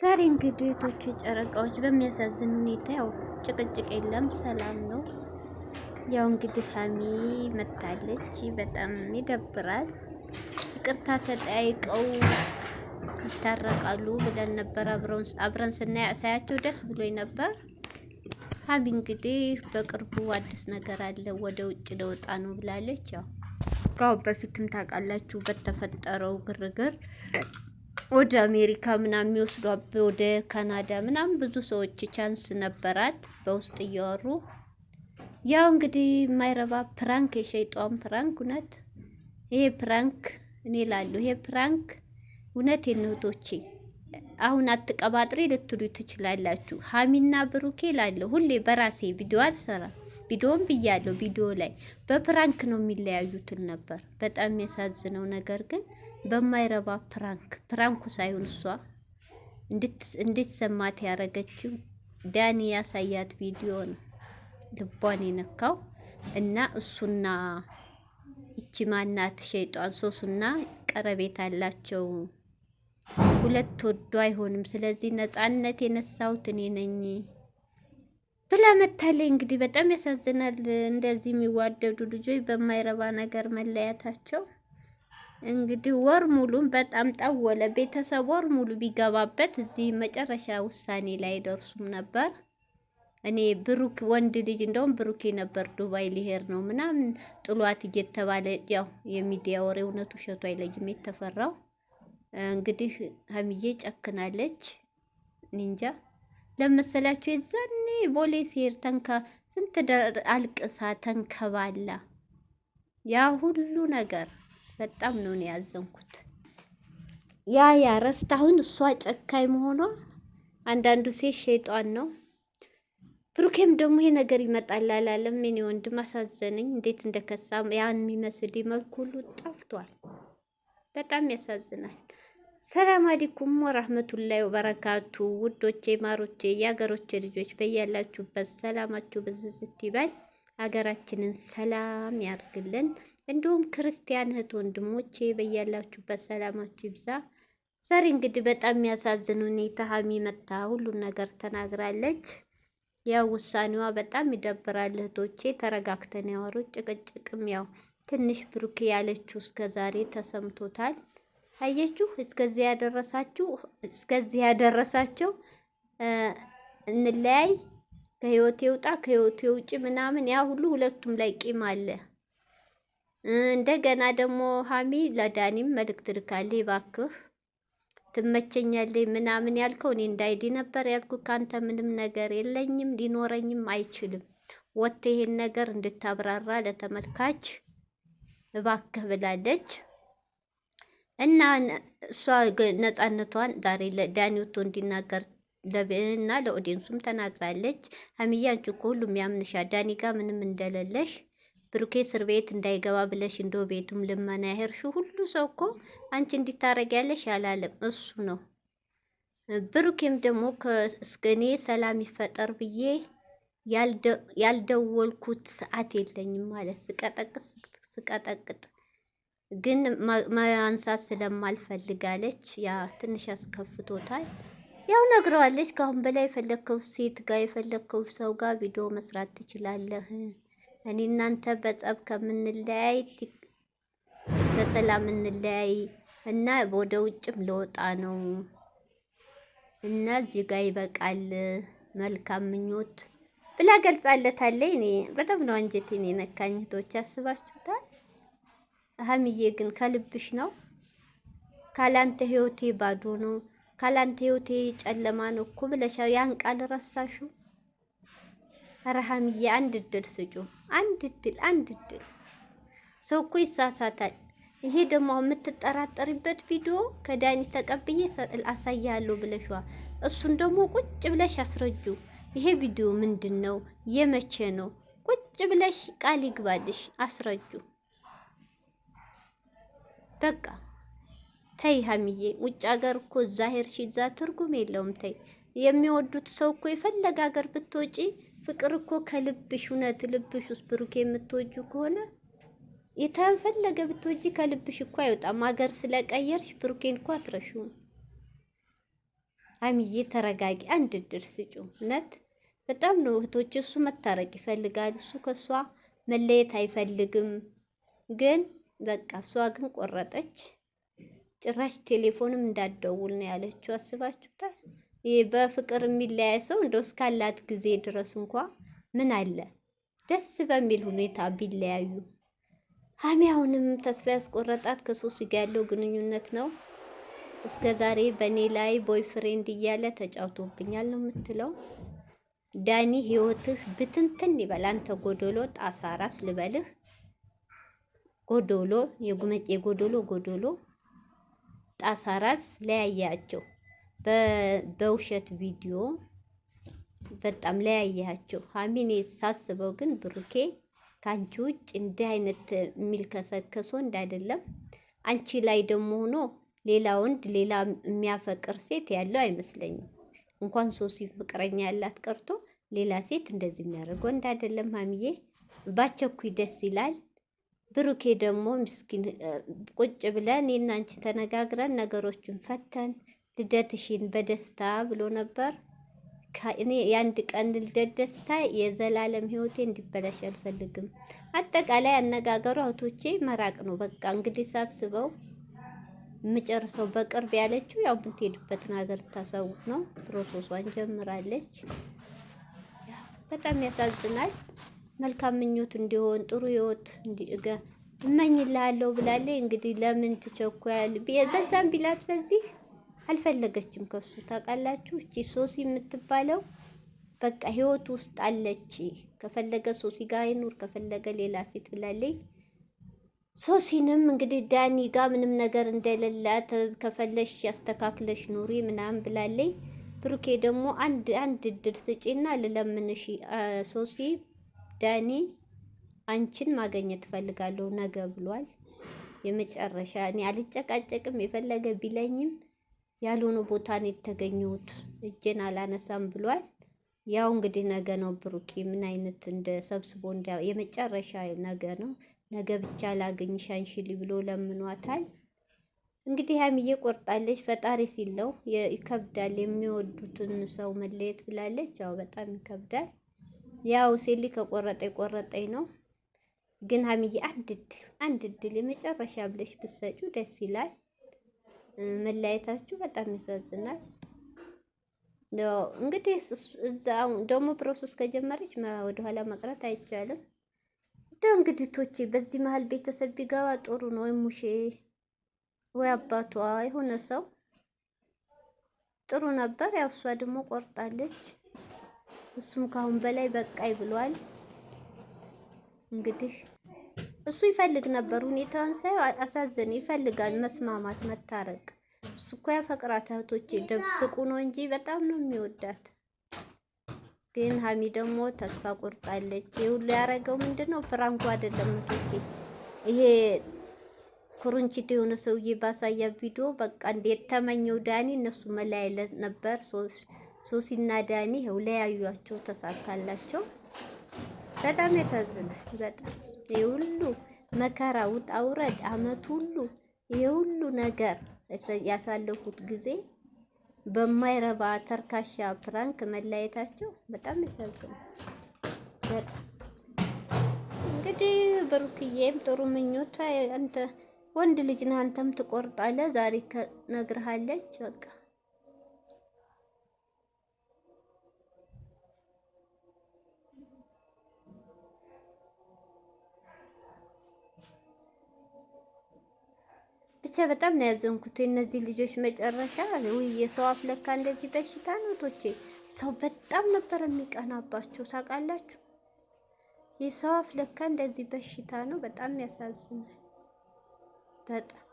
ዛሬ እንግዲህ እህቶቹ ጨረቃዎች በሚያሳዝን ሁኔታ ያው ጭቅጭቅ የለም፣ ሰላም ነው። ያው እንግዲህ ሀሚ መታለች። በጣም ይደብራል። ይቅርታ ተጠያይቀው ይታረቃሉ ብለን ነበር። አብረን ስናያ ደስ ብሎኝ ነበር። ሀሚ እንግዲህ በቅርቡ አዲስ ነገር አለ ወደ ውጭ ለወጣ ነው ብላለች። ያው ከአሁን በፊትም ታውቃላችሁ በተፈጠረው ግርግር ወደ አሜሪካ ምናምን የሚወስዷት ወደ ካናዳ ምናምን ብዙ ሰዎች ቻንስ ነበራት በውስጥ እያወሩ ያው እንግዲህ የማይረባ ፕራንክ የሸይጧን ፕራንክ እውነት ይሄ ፕራንክ እኔ እላለሁ ይሄ ፕራንክ እውነት የእህቶቼ አሁን አትቀባጥሬ ልትሉ ትችላላችሁ ሀሚና ብሩኬ እላለሁ ሁሌ በራሴ ቪዲዮ አልሰራ ቪዲዮም ብያለሁ። ቪዲዮ ላይ በፕራንክ ነው የሚለያዩትን ነበር። በጣም የሚያሳዝነው ነገር ግን በማይረባ ፕራንክ ፕራንኩ ሳይሆን እሷ እንድትሰማት ያደረገችው ዳኒ ያሳያት ቪዲዮ ነው ልቧን የነካው እና እሱና ይቺ ማናት ሸይጧን ሶሱና ቀረቤት አላቸው። ሁለት ወዶ አይሆንም። ስለዚህ ነጻነት የነሳሁት እኔ ነኝ። ብላ እንግዲህ በጣም ያሳዝናል። እንደዚህ የሚዋደዱ ልጆች በማይረባ ነገር መለያታቸው። እንግዲህ ወር ሙሉም በጣም ጠወለ። ቤተሰብ ወር ሙሉ ቢገባበት እዚህ መጨረሻ ውሳኔ ላይ አይደርሱም ነበር። እኔ ብሩክ ወንድ ልጅ እንደውም ብሩኬ ነበር ዱባይ ሊሄድ ነው ምናምን ጥሏት እየተባለ ያው የሚዲያ ወሬ እውነት ውሸቱ አይለይም የተፈራው እንግዲህ ሀሚዬ ጨክናለች። ኒንጃ ለመሰላችሁ የዛኔ ቦሌ ሴር ተንከ ስንት አልቅሳ ተንከባላ ያ ሁሉ ነገር በጣም ነው ያዘንኩት። ያ ያ ረስታ አሁን እሷ ጨካኝ መሆኗ አንዳንዱ ሴት ሸይጧን ነው። ብሩኬም ደግሞ ይሄ ነገር ይመጣል አላለም። እኔ ወንድም አሳዘነኝ፣ እንዴት እንደከሳ ያን የሚመስል መልኩ ሁሉ ጠፍቷል። በጣም ያሳዝናል። ሰላም አለይኩም ወራህመቱላሂ ወበረካቱ ውዶቼ ማሮቼ የሀገሮቼ ልጆች በያላችሁበት ሰላማችሁ ብዝዝት ይበል። ሀገራችንን ሰላም ያርግልን እንዲሁም ክርስቲያን እህት ወንድሞቼ በያላችሁበት ሰላማችሁ ይብዛ። ዛሬ እንግዲህ በጣም የሚያሳዝን ሁኔታ ሀሚ መታ ሁሉን ነገር ተናግራለች። ያው ውሳኔዋ በጣም ይደብራል። እህቶቼ ተረጋግተን ያወሩት ጭቅጭቅም ያው ትንሽ ብሩክ ያለችው እስከ ዛሬ ተሰምቶታል አየችሁ፣ እስከዚህ ያደረሳችሁ እስከዚህ ያደረሳቸው እንለያይ፣ ከህይወቴ ውጣ፣ ከህይወቴ ውጪ ምናምን ያ ሁሉ ሁለቱም ላይ ቂም አለ። እንደገና ደግሞ ሀሚ ለዳኒም መልእክት ልካለች። እባክህ ትመቸኛለች ምናምን ያልከው እኔ እንዳይዲ ነበር ያልኩ። ካንተ ምንም ነገር የለኝም ሊኖረኝም አይችልም። ወጥተህ ይሄን ነገር እንድታብራራ ለተመልካች እባክህ ብላለች። እና እሷ ነፃነቷን ዛሬ ዳኒ ወጥቶ እንዲናገር እና ለኦዲንሱም ተናግራለች። ሀሚዬ አንቺ እኮ ሁሉም ያምንሻል ዳኒ ጋር ምንም እንደሌለሽ ብሩኬ እስር ቤት እንዳይገባ ብለሽ እንደ ቤቱም ልመና ያሄርሽ ሁሉ ሰው እኮ አንቺ እንዲታረግ ያለሽ ያላለም እሱ ነው። ብሩኬም ደግሞ ከእስገኔ ሰላም ይፈጠር ብዬ ያልደወልኩት ሰዓት የለኝም ማለት ስቀጠቅጥ ስቀጠቅጥ ግን ማንሳት ስለማልፈልግ አለች። ያ ትንሽ ያስከፍቶታል። ያው ነግረዋለች። ከአሁን በላይ የፈለግከው ሴት ጋር የፈለግከው ሰው ጋር ቪዲዮ መስራት ትችላለህ። እኔ እናንተ በጸብ ከምንለያይ በሰላም እንለያይ እና ወደ ውጭም ለወጣ ነው እና እዚህ ጋር ይበቃል። መልካም ምኞት ብላ ገልጻለታለች። እኔ በጣም ነው አንጀቴን የነካኝቶች አስባችሁታል። ሀሚዬ ግን ከልብሽ ነው? ካላንተ ህይወቴ ባዶ ነው፣ ካላንተ ህይወቴ ጨለማ ነው እኮ ብለሽ ያን ቃል ረሳሹ። ኧረ ሀሚዬ አንድ እድል ስጩ፣ አንድ እድል፣ አንድ እድል። ሰው እኮ ይሳሳታል። ይሄ ደግሞ የምትጠራጠሪበት ቪዲዮ ከዳኒ ተቀብዬ አሳያለሁ ብለሽዋ፣ እሱን ደግሞ ቁጭ ብለሽ አስረጁ። ይሄ ቪዲዮ ምንድን ነው? የመቼ ነው? ቁጭ ብለሽ ቃል ይግባልሽ አስረጁ። በቃ ተይ ሀሚዬ፣ ውጭ ሀገር እኮ ዛሄር ሄድሽ ትርጉም የለውም። ተይ የሚወዱት ሰው እኮ የፈለገ ሀገር ብትወጪ ፍቅር እኮ ከልብሽ እውነት ልብሽ ውስጥ ብሩኬ የምትወጁ ከሆነ የተፈለገ ብትወጂ ከልብሽ እኮ አይወጣም። ሀገር ስለቀየርሽ ብሩኬን እኮ አትረሺውም። አሚዬ ተረጋጊ፣ አንድ ድር ስጩ። እውነት በጣም ነው እህቶች፣ እሱ መታረቅ ይፈልጋል። እሱ ከእሷ መለየት አይፈልግም ግን በቃ እሷ ግን ቆረጠች። ጭራሽ ቴሌፎንም እንዳደውል ነው ያለችው። አስባችሁታል? ይህ በፍቅር የሚለያይ ሰው እንደው እስካላት ጊዜ ድረስ እንኳ ምን አለ ደስ በሚል ሁኔታ ቢለያዩ። ሀሚ አሁንም ተስፋ ያስቆረጣት ከሶስት ጋ ያለው ግንኙነት ነው። እስከ ዛሬ በእኔ ላይ ቦይ ፍሬንድ እያለ ተጫውቶብኛል ነው የምትለው። ዳኒ ህይወትህ ብትንትን ይበል አንተ ጎዶሎ ጣሳ ራስ ልበልህ። ጎዶሎ የጉመጤ ጎዶሎ ጎዶሎ ጣሳ ራስ ለያያቸው። በውሸት ቪዲዮ በጣም ለያያቸው። ሀሚኔ ሳስበው ግን ብሩኬ ከአንቺ ውጭ እንዲህ አይነት የሚልከሰከሶ እንዳይደለም። አንቺ ላይ ደግሞ ሆኖ ሌላ ወንድ ሌላ የሚያፈቅር ሴት ያለው አይመስለኝም። እንኳን ሶሲ ፍቅረኛ ያላት ቀርቶ ሌላ ሴት እንደዚህ የሚያደርገው እንዳይደለም። ሀሚዬ ባቸኩይ ደስ ይላል። ብሩኬ ደግሞ ምስኪን ቁጭ ብለን እኔና ተነጋግረን ነገሮችን ፈተን ልደትሽን በደስታ ብሎ ነበር። እኔ የአንድ ቀን ልደት ደስታ የዘላለም ህይወቴ እንዲበላሽ አልፈልግም። አጠቃላይ አነጋገሩ አውቶቼ መራቅ ነው። በቃ እንግዲህ ሳስበው የምጨርሰው በቅርብ ያለችው ያው የምትሄድበትን ሀገር ታሳውቅ ነው። ፕሮሰሷን ጀምራለች። በጣም ያሳዝናል። መልካም ምኞቱ እንዲሆን ጥሩ ህይወት እንዲገ እመኝልሃለሁ ብላለ። እንግዲህ ለምን ትቸኩያል? በዛም ቢላት በዚህ አልፈለገችም ከሱ ታውቃላችሁ። እቺ ሶሲ የምትባለው በቃ ህይወት ውስጥ አለች። ከፈለገ ሶሲ ጋር ይኑር፣ ከፈለገ ሌላ ሴት ብላለች። ሶሲንም እንግዲህ ዳኒ ጋር ምንም ነገር እንደሌላት ከፈለሽ ያስተካክለሽ ኑሪ ምናምን ብላለች። ብሩኬ ደግሞ አንድ አንድ እድል ስጪና ልለምንሽ ሶሲ ዳኒ አንቺን ማገኘት እፈልጋለሁ ነገ ብሏል። የመጨረሻ እኔ አልጨቃጨቅም፣ የፈለገ ቢለኝም ያልሆነ ቦታ ነው የተገኘሁት፣ እጄን አላነሳም ብሏል። ያው እንግዲህ ነገ ነው ብሩኬ፣ ምን አይነት እንደ ሰብስቦ እንደ የመጨረሻ ነገ ነው። ነገ ብቻ ላገኝሽ አንሺሊ ብሎ ለምኗታል። እንግዲህ ሀይሚዬ ቆርጣለች። ፈጣሪ ሲለው ይከብዳል። የሚወዱትን ሰው መለየት ብላለች። ያው በጣም ይከብዳል። ያው ሴሊ ከቆረጠ ቆረጠኝ ነው። ግን ሀሚዬ አንድ እድል አንድ እድል የመጨረሻ ብለሽ ብትሰጪው ደስ ይላል። መለያየታችሁ በጣም ያሳዝናል። እንግዲህ እዛ ደግሞ ፕሮሰስ ከጀመረች ወደኋላ መቅረት አይቻልም። እንደው እንግዲህ ቶቼ በዚህ መሀል ቤተሰብ ቢገባ ጥሩ ነው። ወይ ሙሼ ወይ አባቷ የሆነ ሰው ጥሩ ነበር። ያው እሷ ደግሞ ቆርጣለች። እሱም ካሁን በላይ በቃይ ብሏል። እንግዲህ እሱ ይፈልግ ነበር። ሁኔታውን ሳይ አሳዘነ። ይፈልጋል መስማማት፣ መታረቅ። እሱ እኮ ያፈቅራት እህቶቼ፣ ደብቁ ነው እንጂ በጣም ነው የሚወዳት። ግን ሀሚ ደግሞ ተስፋ ቆርጣለች። ይህ ሁሉ ያደረገው ምንድነው? ፍራንኩ አይደለም እህቶቼ፣ ይሄ ኩርንችት የሆነ ሰውዬ ባሳያ ቪዲዮ በቃ እንዴት ተመኘው ዳኒ። እነሱ መለያየት ነበር ሶሲና ዳኒ ይኸው ለያዩዋቸው ተሳካላቸው። በጣም ያሳዝናል። በጣም ይሄ ሁሉ መከራ ውጣ ውረድ አመት ሁሉ ይሄ ሁሉ ነገር ያሳለፉት ጊዜ በማይረባ ተርካሻ ፕራንክ መለያየታቸው በጣም ያሳዝናል። በጣም እንግዲህ ብሩክዬም ጥሩ ምኞቷ አንተ ወንድ ልጅ ነህ አንተም ትቆርጣለህ። ዛሬ ነግርሃለች በቃ በጣም ነው ያዘንኩት። የእነዚህ ልጆች መጨረሻ ውይ የሰው አፍለካ እንደዚህ በሽታ ነው። ቶቼ ሰው በጣም ነበር የሚቀናባቸው ታውቃላችሁ። የሰው አፍለካ እንደዚህ በሽታ ነው። በጣም ያሳዝናል። በጣም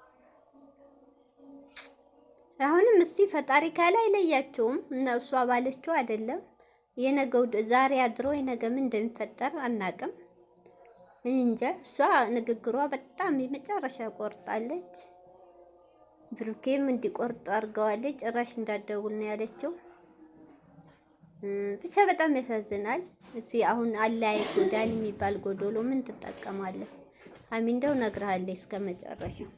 አሁንም እስቲ ፈጣሪ ካለ አይለያቸውም። እነሱ አባለችው አይደለም የነገው ዛሬ አድሮ የነገ ምን እንደሚፈጠር አናቅም። እንጃ እሷ ንግግሯ በጣም የመጨረሻ ቆርጣለች። ብሩኬም እንዲቆርጥ አድርገዋለች። ጭራሽ እንዳደውል ነው ያለችው። ብቻ በጣም ያሳዝናል። እዚ አሁን አላይ ዳን የሚባል ጎዶሎ ምን ትጠቀማለህ? አሚንደው እንደው ነግርሃለች እስከ መጨረሻው